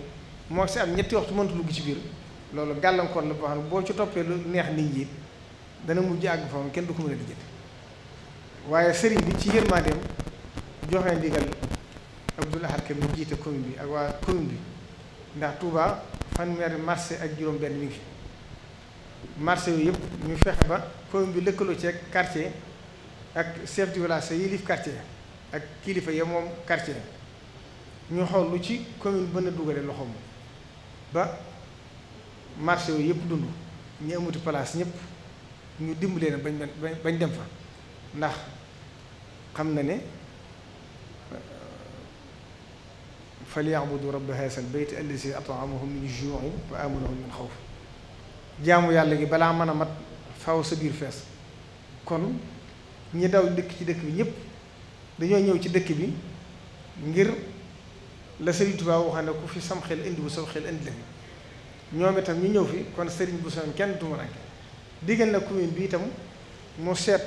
moo si am ñetti waxtu mënta dugg ci biir loolu gàllankoor la boo xam ne boo ci toppee lu neex nit ñi dana mujj àgg foofu kenn du ko mën a lijjanti waaye sëriñ bi ci yërmandeem joxe ndigal Abdoul Ahad Ka jiite commune bi ak waa commune bi ndax Touba fanweeri marché ak juróom-benn mi ngi marché yooyu yëpp ñu fexe ba commune bi lëkkaloo ci quartier ak chef de village yilif quartier ak kilifa ya moom quartier ñu xool lu ci commune bën a dugale loxoom ba marché yooyu yëpp dund ñu amuti place ñëpp ñu dimbali leen bañ bañ dem fa ndax xam na ne euh, falyabudu rabba haasal bayt allazi atamahum min juin wa amanahum min xawf jaamu yàlla gi balaa mën a mat faw sa biir fees kon ñi daw dëkk ci dëkk bi ñëpp dañoo ñëw ci dëkk bi ngir la Serigne Touba waxoon ne ku fi sam xel indiwu sam xel indi la fi ñoom itam ñu ñëw fi kon Serigne bu sam kenn du mu rànke digal na commune bi itam mu seet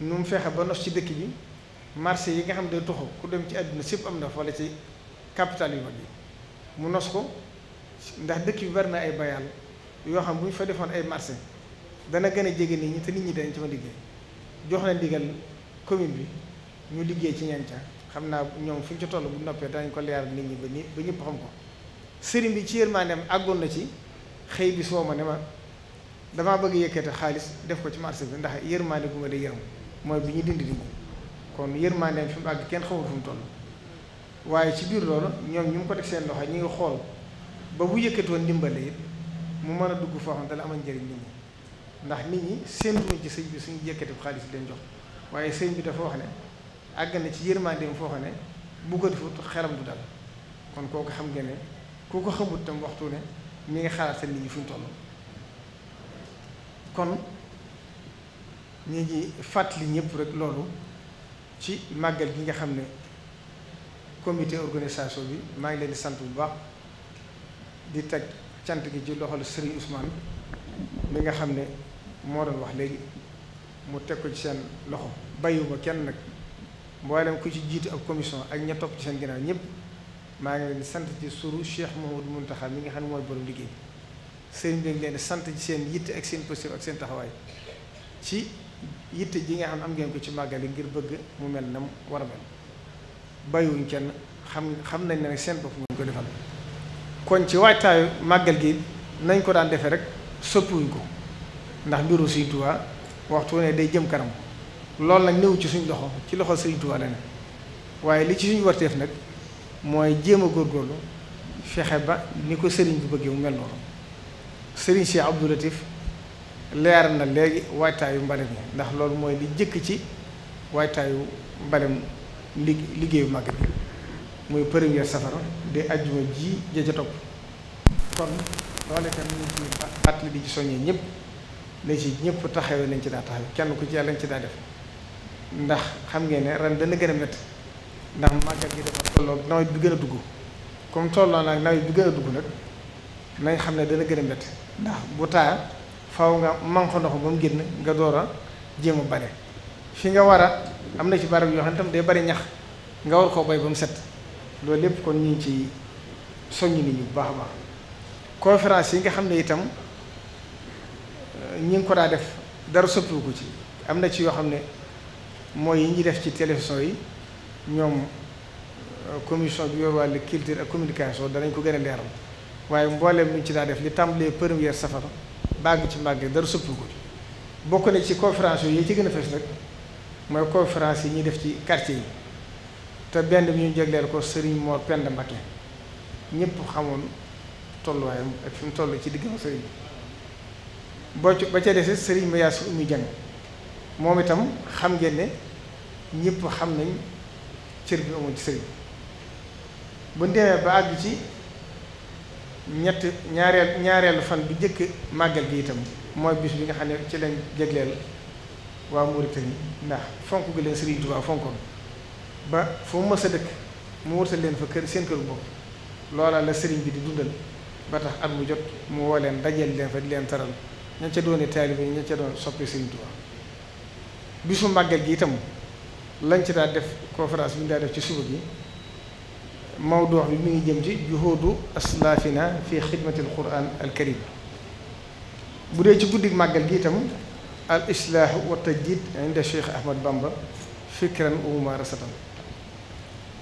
nu mu fexe ba nos ci dëkk bi marché yi nga xam ne tuxu ku dem ci àdduna sépp am na fa ci capital yu mag yi mu nos ko ndax dëkk bi bari na ay bayal yoo xam bu ñu fa defoon ay marché dana gën a jege nit ñi te nit ñi dañ ci liggéey jox na ndigal commune bi ñu liggéey ci ñanca xam naa ñoom fu ñu ci toll bu noppee danañ ko leeral nit ñi ba ni ba ñëpp xam ko sëriñ bi ci yërmandeem àggoon na ci xëy bi soo ma ne ma damaa bëgg yëkkate xaalis def ko ci marché bi ndax yërmande bu ma dee yërëm mooy bi ñu dindi dindi kon yërmandeem fi mu àgg kenn xamul fu mu waaye ci biir loolu ñoom ñu ngi ko def seen loxo ñu ngi xool ba bu yëkkatoon ndimbale it mu mën a dugg foo xam dana amal njëriñ nit ñi ndax nit ñi séentuñu ci sëñ bi suñu yëkkati xaalis leen jox waaye sëñ bi dafa wax ne àgg na ci yërmandeem foo xam ne bu ko defut xelam du dal kon kooku xam nga ne ku ko xamut tam waxtu ne mi ngi xalaatal nit ñi fu ñu toll kon ñu ngi fàttali ñëpp rek loolu ci màggal gi nga xam ne comité organisation bi maa ngi leen di sant bu baax di teg cant gi ci loxol Serigne Ousmane mi nga xam ne moo doon wax léegi mu teg ko ci seen loxo bàyyiwuma kenn nag. mboolem ku ci jiitu ak commission ak ña topp ci seen ginnaaw ñëpp maa ngi leen sant ci suru Cheikh mun Mountakha mi ngi xam ne mooy borom liggéey seen bi leen di sant ci seen yitte ak seen positif ak seen taxawaay ci yitte ji nga xam ne am ngeen ko ci màggali ngir bëgg mu mel na mu war a mel bàyyiwuñ kenn xam xam nañ ne nag seen bopp ngeen ko defal kon ci waajtaayu màggal gi nañ ko daan defee rek soppiwuñ ko ndax mbiru Sëriñ Tuubaa waxtu ne day jëm kanam. loolu nag néew ci suñ loxo ci loxo Sëriñ Tuubaa la waaye li ci suñu warteef nag mooy jéem a góorgóorlu fexe ba ni ko sëriñ bi bëggee mu mel noonu sëriñ si Abdou Latif leer na léegi waajtaayu mbalem yi ndax loolu mooy li jëkk ci waajtaayu mbalem li liggéeyu mag bi muy premier safara di ajjuma ji jëja topp kon loole tam ñu ci fàttali di ci soññee ñëpp ne ci ñëpp taxawee nañ ci daa taxawee kenn ku ci yàlla nañ ci daa def ndax xam ngeen ne ren dana gën a métti ndax màggal gi dafa tolloo nawet bi gën a dugg comme tolloo nag nawet bi gën a dugg nag nañ xam ne dana gën a ndax bu taa faw nga manqué ndox ba mu génn nga door a jéem a bare fi nga war a am na ci barab yoo xam ne tam day bari ñax nga war koo bay ba mu set loolu lépp kon ñu ngi ci soññ nit ñi bu baax a baax conférence yi nga xam ne itam euh, ñi ngi ko daa def dara soppiwu ko ci am na ci yoo xam ne mooy yi ñuy def ci télévision yi ñoom euh, commission bi yor wàllu culture ak communication danañ ko gën a leeral waaye mbooleem lu ñu ci daa def li tàmbalee première safar bàgg ci màgg dara sëpp ko bokk na ci conférence yi ci gën a fes nag mooy conférence yi ñuy def ci quartier yi te benn bi ñu jagleel ko Serigne moo Penda Mbacké ñëpp xamoon tolluwaayam ak fi mu toll ci diggam Serigne boo ci ba ca des Serigne Mayass Oumy Dieng moom itam xam ngeen ne ñëpp xam nañ cër bi amoon ci sëriñ bu ñu ba àgg ci ñett ñaareel ñaareelu fan bi njëkk màggal gi itam mooy bis bi nga xam ne ci lañ jégleel waa Mauritanie ndax fonk gi leen Sëriñ Tuubaa fonkoon ba foo mu mës dëkk mu wërtal leen fa kër seen këru bopp loola la sëriñ bi di dundal ba tax at mu jot mu woo leen dajeel leen fa di leen taral ña ca doone taalibe ña ca doon soppi Sëriñ Tuubaa bisu màggal gi itam lañ ci daal def conférence bi ñu daal def ci suba gi mawdu bi mu ngi jëm ci juhudu aslaafina fi xidmatil quran al karim bu dee ci guddig màggal gi itam al islaahu wa tajdid inda cheikh ahmad bamba fikran wa mumarasatan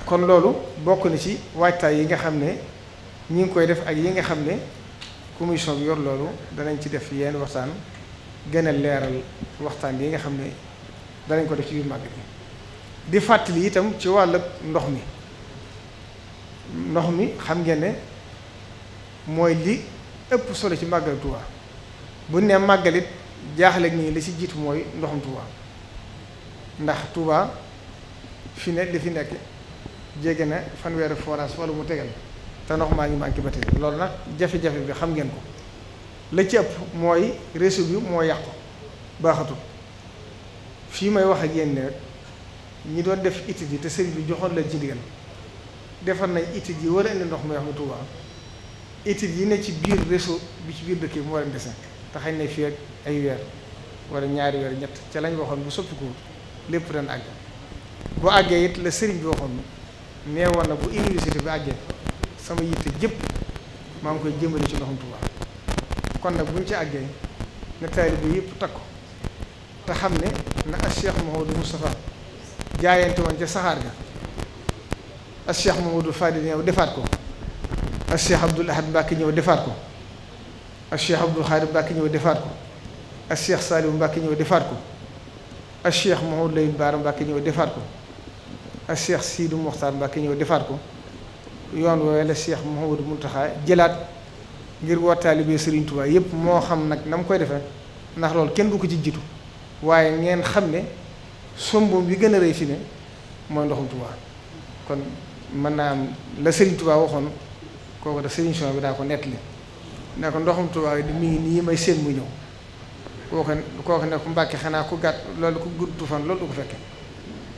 kon loolu bokk na ci waajtaay yi nga xam ne ñi ngi koy def ak yi nga xam ne commission bi yor loolu danañ ci def yenn waxtaan gën a leeral waxtaan yi nga xam ne danañ ko def ci biir màgg bi di fàttali itam ci wàllu ndox mi ndox mi xam ngeen ne mooy li ëpp solo ci màggal Tuubaa bu nee màggalit jaaxle nii li ci jiitu mooy ndoxum Tuubaa ndax Tuubaa fi ne li fi nekk jege na fanweeri forage wala mu tegal te ndox maa ngi manqué ba tey loolu nag jafe-jafe bi xam ngeen ko la ci ëpp mooy réseau bi moo yàqu baaxatul fii may wax ak yéen rek ñi doon def itti yi te sëriñ bi joxoon la ci digal defar nañ itti ji war a indi ndox mu wax mu Touba itti yi ne ci biir réseau bi ci biir dëkk bi mu war a dese te xañ na fii ak ay weer wala ñaari weer ñett ca lañ waxoon bu soppiku lépp ren àgg bu àggee it la sëriñ bi waxoon nee woon na bu université bi àggee sama yitte jëpp maa ngi koy jëmbale ci ndoxum Touba kon nag buñ ci àggee ne taalibe yëpp takku. te xam ne na ak Cheikh Mouhamadou Moustapha jaayante woon ca saxaar ga ak Cheikh Mouhamadou Fadil ñëw defaat ko ak Cheikh Abdoul Ahad Mbacke ñëw defaat ko ak Cheikh Abdoul Khadir Mbacke ñëw defaat ko ak Cheikh Saliou Mbacke ñëw defaat ko ak Cheikh Mouhamadou Lamine Bara Mbacke ñëw defaat ko ak Cheikh Sidou Mokhtar Mbacke ñëw defaat ko yoon woowee la Cheikh Mouhamadou Mountakha jëlaat ngir woo taalibe Serigne Touba yëpp moo xam nag na mu koy defee ndax loolu kenn du ko ci jiitu. waaye ngeen xam ne sombum bi gën a rëy si ne mooy ndoxum Tuubaa kon mën naa am la Serigne Touba waxoon kooku da Serigne Souhaïbou bi daa ko nettali ne ko ndoxum Tuubaa yi mi ngi nii mu ñëw kooku kooku ne ko Mbàkke xanaa ku gàtt loolu ku gudd fan loolu du ko fekke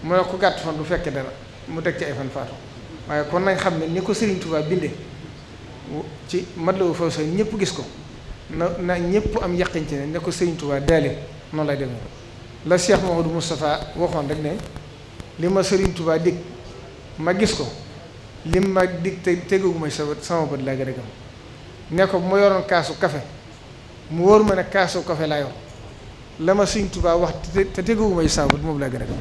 mu ne ku gàtt fan du fekke dara mu teg ci ay fan faatu waaye kon nañ xam ne ni ko Serigne Touba bindee ci mat la wu faw sax ñëpp gis ko na na ñëpp am yaqiñ ci ne ne ko Serigne Touba daale noonu lay demee la Cheikh Mamadou Moustapha waxoon rek ne li ma sëriñ Touba dig ma gis ko li ma dig te tegugu may sa sama bët laa gën ne ko bu ma yoroon kaasu kafe mu wóor ma ne kaasu kafe laa yor la ma Serigne Touba wax te tegugu may sama bët moom laa gën a gëm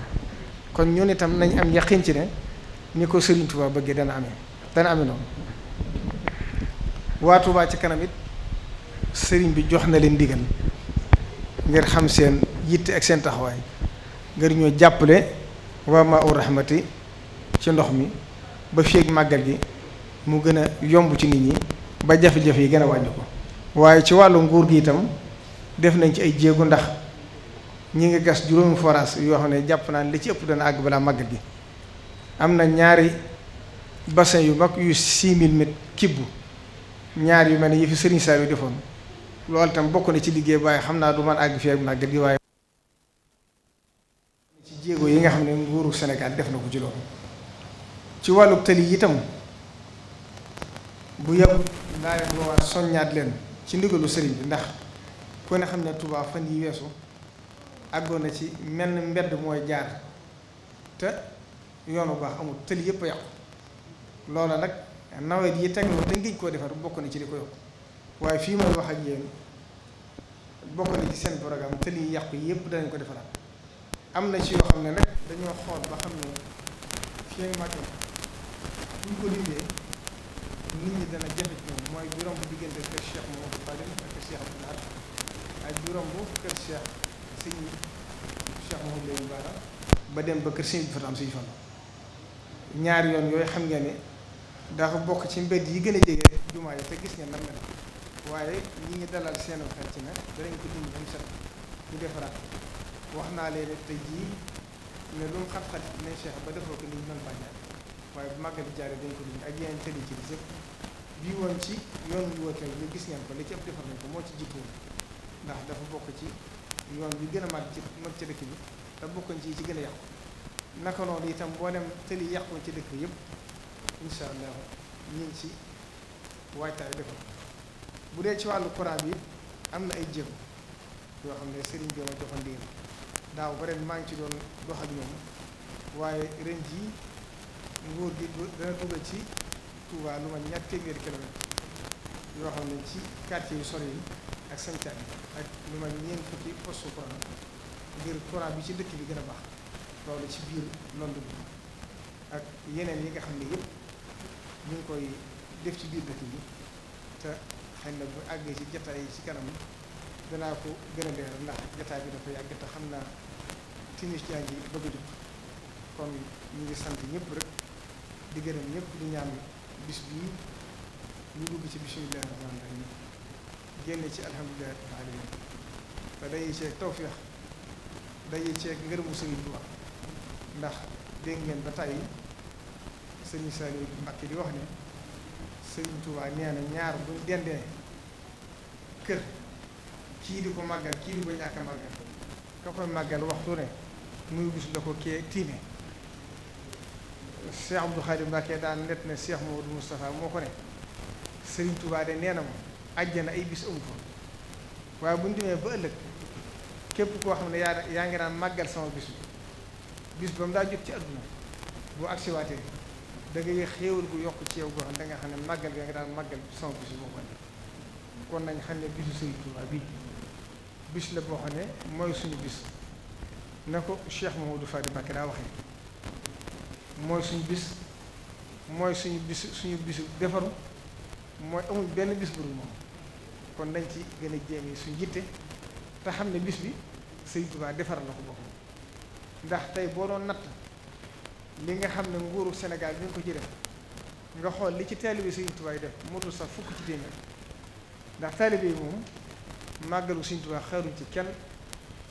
kon ñun itam nañ am yaqin ci ne ni ko Serigne Touba bëggee dana amee dana amee noonu waa Touba ci kanam it Serigne bi jox na leen ndigal. ngir xam seen yitte ak seen taxawaay ngir ñoo jàppale waa maa u rahmati ci ndox mi ba fii ak màggal gi mu gën a yomb ci nit ñi ba jafe-jafe yi gën a wàññi waaye ci wàllu nguur gi itam def nañ ci ay jéego ndax ñi ngi gas juróomi forage yoo xam ne jàpp naa li ci ëpp dana àgg balaa màggal gi am na ñaari bassin yu mag yu six mille mètres kibbu ñaar yu mel ne yi fi Serigne Saliou defoon loolu itam bokk na ci liggéey waaye xam naa du man àgg fii ak nag gi waaye ci jéego yi nga xam ne nguuru Sénégal def na ko ci loolu ci wàllu tëli itam bu yàgg laa leen woowaat soññaat leen ci ndigalu sëriñ bi ndax ku ne xam ne Tuubaa fan yi weesu àggoon na ci menn mbedd mooy jaar te yoonu baax amul tëli yëpp a yàqu loola nag nawet yi teg na te ngeen koo defar bokk na ci li ko yokk waaye fii may wax ak yéen bokk na ci seen programme tëli yi yàqu yëpp danañ ko defaraat am na ci yoo xam ne nag dañoo xool ba xam ne ko liggéey nit ñi dana jafe ci moom mooy juróom bu diggante kër Cheikh Mouhamadou Fadil ak kër Cheikh Abdoul Ahad ak juróom bu kër Cheikh sëñ ba dem ba kër sëñ bi fa am sëñ yoon yooyu xam ngeen ne dafa bokk ci mbedd yi gën a jege jumaa yi te gis ngeen nan mel waaye ñi ngi dalal seenu xel ci nag danañ ko dindi am set ñu defaraat wax naa leen tey jii ne lu mu xat-xat ne Cheikh ba defoo ko liñ bu màggal dañ ko dindi ak yeneen tëli ci di woon ci yoon wi woote ñu gis ngeen ko li ci ëpp moo ci jikkoo ndax dafa bokk ci yoon bi gën a mag ci mag te bokkoon ci ci gën naka noonu itam mboolem tëli yàqu ci dëkk yëpp incha allah ci waajtaay defar bu dee ci wàllu courant bi am na ay jéego yoo xam ne sëriñ bi ma joxoon ndigal daaw ba maa ngi ci doon dox ak ñoom waaye ren jii nguur gi dana dugal ci Touba lu ma ñaar téeméeri kilomètre yoo xam ne ci quartier yu sori yi ak santaan yi ak lu ma ñeent fukki poste courant ngir courant bi ci dëkk bi gën a baax loolu ci biir Londres bi ak yeneen yi nga xam ne yëpp ñu ngi koy def ci biir dëkk bi te xëy na bu àggee ci jotaay yi ci kanam danaa ko gën a leer ndax jotaay bi dafa yàgg te xam naa timis jaa ngi bëgg a jub ñu ngi sant ñëpp rek di gërëm ñëpp di ñaan bis bii ñu dugg ci bismillahi rahmaani rahim génn ci alhamdulillahi rabbil alamin te dañuy ceeg tawféex dañuy ceeg ngërëmu Sëriñ Tuubaa ndax dégg ngeen ba tàyyi Sëriñ Saliou Mbacké di wax ne Serigne Touba nee na ñaar buñ dendee kër kii di ko màggal kii di ko ñàkk màggal ka koy màggal waxtu ne muy gis la ko kee tiime Cheikh Abdou Khadim Mbacké daan net ne Cheikh Mamadou Moustapha moo ko ne Serigne Touba de nee na moom àjjana ay bis amu waaye bu ñu demee ba ëllëg képp koo xam ne yaa yaa ngi naan màggal sama bis bi bis ba mu daa jot ci adduna bu agsiwaatee da ngay xéewal gu yokk ci yow goo xam da nga xam ne màggal ga nga daan màggal sama bis boo ko kon nañ xam ne bisu Sëriñ Tuubaa bis la boo xam ne mooy suñu bis na ko Cheikh Mamadou Fadi Mbacké daa waxee suñu bis mooy suñu bis suñu bisu defaru mooy amul benn bis moom kon nañ ci gën a jéemee suñu yitte te xam ne bis bi Sëriñ Tuubaa defar la ko boppam ndax tey boo doon natt li nga xam ne nguuru Sénégal bi nga ko ci def nga xool li ci taalibe si Tuubaa yi def motul sax fukk ci téeméer ndax taalibe yi moom màggalu si Tuubaa xaaruñ ci kenn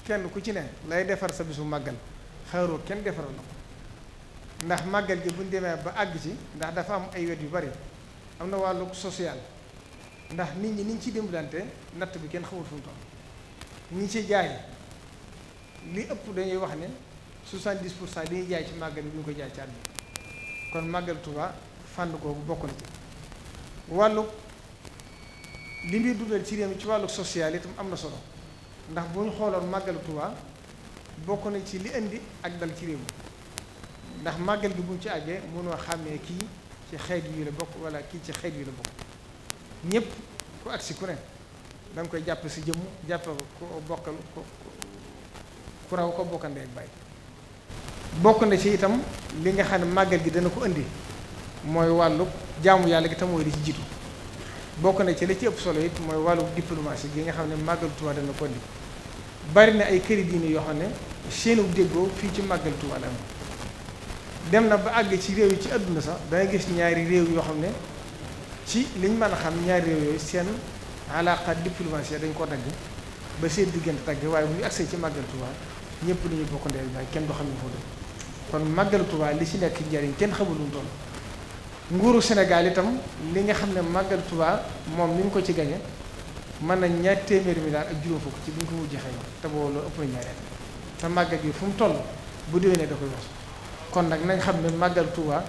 kenn ku ci ne lay defar sa bisu màggal xaaroo kenn defaral na ko ndax màggal gi buñ demee ba àgg ci ndax dafa am ay wet yu bari am na wàllu social ndax nit ñi niñ ciy dimbalante natt bi kenn xamul fu mu toll ñi ci jaay li ëpp dañuy wax ne su 70 pour cent dañuy jaay ci màggal bi ñu ko jaay ci àdduna kon màggal Tuuba fànn googu bokk na ci wàllu li muy dugal ci réew mi ci wàllu social itam am na solo ndax bu ñu xooloon màggal Tuuba bokk na ci li indi ak dal ci réew mi ndax màggal bi bu ci àggee mënoo xàmmee kii ci xeet yi la bokk wala kii ci xeet yi la bokk ñépp ku agsi ku ne da koy jàpp si jëmm jàpp ko bokkal ko ku raw ak bàyyi bokk na ci itam li nga xam ne màggal gi dana ko indi mooy wàllu jaamu yàlla gi tam mooy li ci jiitu bokk na ci li ci ëpp solo it mooy wàllu diplomatie gi nga xam ne màggal Tuubaa dana ko indi bari na ay kër diine yoo xam ne seenu déggoo fii ci màggal Tuubaa la am dem na ba àgg ci réew yi ci àdduna sax danga gis ñaari réew yoo xam ne ci liñ mën a xam ñaari réew yooyu seen alaqa diplomatie dañ ko dagg ba seen diggante dagg waaye bu ñu agsee ci màggal Tuubaa ñëpp dañuy bokk ndey baay kenn du xam ne foofu kon màggalu Tuubaa li ci nekk njariñ kenn xamul lu mu nguuru Sénégal itam li nga xam ne màggalu Tuubaa moom ni mu ko ci gañe mën na ñaar téeméeri milliard ak juróom fukk ci bi ñu ko mujjee xëy te boobu loolu ëpp na ñaareel te màggal gi fu mu toll bu déwénee da kon nag nañ xam ne màggalu Tuubaa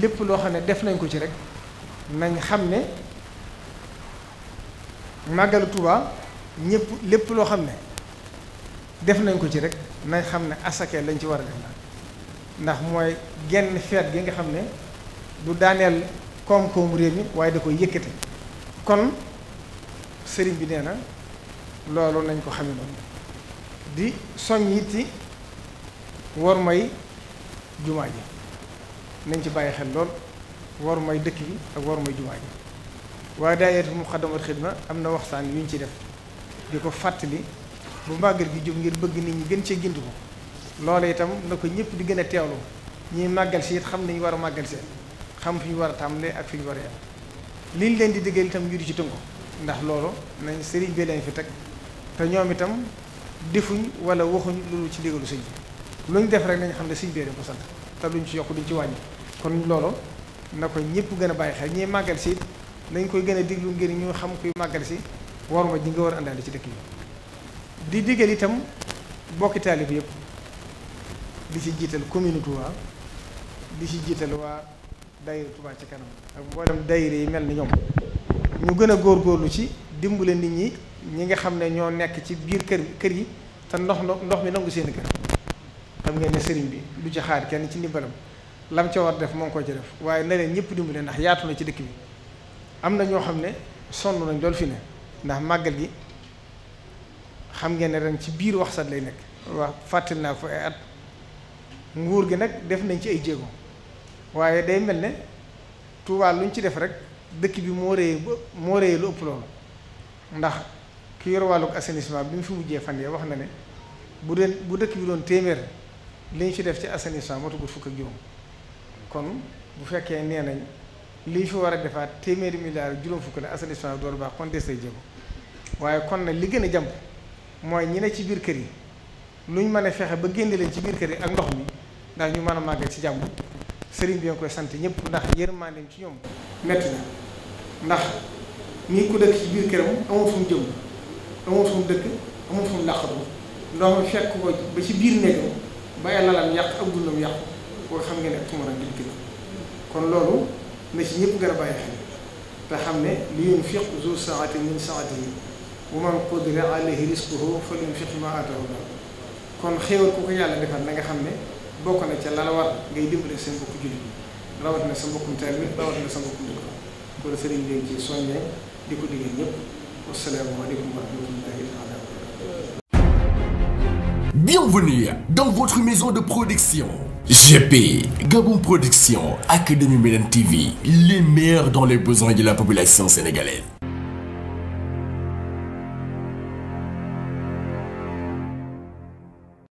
lépp loo xam ne def nañ ko ci rek nañ xam ne màggalu Tuubaa ñëpp lépp loo xam ne def nañ ko ci rek nañ xam ne asakee lañ ci war a def ndax mooy genn feet gi nga xam ne du daaneel koom-koomu réew mi waaye da ko yëkkate kon sëriñ bi nee na loolu nañ ko xame noonu di soññ itti war may jumaa ji nañ ci bàyyi xel lool war may dëkk bi ak war may jumaa ji waaye daayira Muxaddamatul Xidma am na waxtaan yu ñu ci def di ko fàttali bu màgget gi jub ngir bëgg nit ñi gën cee gindi ko loolu itam na ko ñëpp di gën a teewlu ñuy màggal siit xam nañu war a màggal si xam fi ñu war a tàmbalee ak fi ñu war a yem liñ leen di digal itam ñu di ci tënku ndax loolu nañ sëriñ bi leen fi teg te ñoom itam defuñ wala waxuñ loolu ci digalu sëñ bi def rek nañ xam ne siñ bi ko sant te duñ ci yokk duñ ci wàññi kon looloo na ko ñëpp gën a bàyyi xel ñii màggal si it nañ koy gën a diglu ngir ñu xam kuy màggal si waruma ji nga war a àndaale ci dëkk yi di digal itam bokki taalib yëpp. di ci jiital commune Touba di ci jiital waa daayira Touba ci kanam ak mboolem daayira yi mel ni ñoom ñu gën a góor góorlu ci dimbale nit ñi ñi nga xam ne ñoo nekk ci biir kër kër yi te ndox ndox mi nangu seen kër xam ngeen ne sëriñ bi du ci xaar kenn ci ndimbalam lam ca war def moo ngi ko ci def waaye na leen ñëpp dimbale ndax yaatu na ci dëkk bi am na ñoo xam ne sonn nañ dool fi ne ndax màggal gi xam ngeen ne ren ci biir wax sat lay nekk wax fàttali naa ko ay nguur gi nag def nañ ci ay jéego waaye day mel ne Tuubaa lu ñu ci def rek dëkk bi moo réye ba moo réye lu ëpp loolu ndax ki yor wàllug assainissement bi mu fi mujjee fan yee wax na ne bu dee bu dëkk bi doon téeméer li ñu fi def ci assainissement matagut fukk ak juróom kon bu fekkee nee nañ li ñu fi war a defaat téeméeri milliards juróom fukk la assainissement bi door baax kon des tay jéego waaye kon na li gën a jàmp mooy ñu ne ci biir kër yi nuñ mën a fexe ba génne leen ci biir kër yi ak ndox mi ndax ñu mën a màggal si jàmm sëriñ bi nga koy sant ñëpp ndax yërmandeem ci ñoom metti na ndax nii ko dëkk ci biir këram amul fu mu jëm amul fu mu dëkk amul fu mu làqatu ndox mi fekk ko ba ci biir néegam ba ay lalam yàq ak dundam yàqu koo xam ngeen ne ak tumaram dil kon loolu na ñëpp gën a bàyyi xel te xam ne li yunfiq zu saatin min saatihi wa man qudira alayhi rizquhu falyunfiq ma aataahu kon xéewal ku ko yàlla defal na nga xam ne bokk na ca la la war ngay dimbale sa mbokku jullit bi rawatina sa mbokkum taalibe bi rawatina sa mbokkum dëkk kon sëriñ bi ci soññee di ko digal ñëpp wasalaamaaleykum wa rahmatullahi taala Bienvenue dans votre maison de production. GP, Gabon Production, Académie Médan TV, les meilleurs dans les besoins de la population sénégalaise.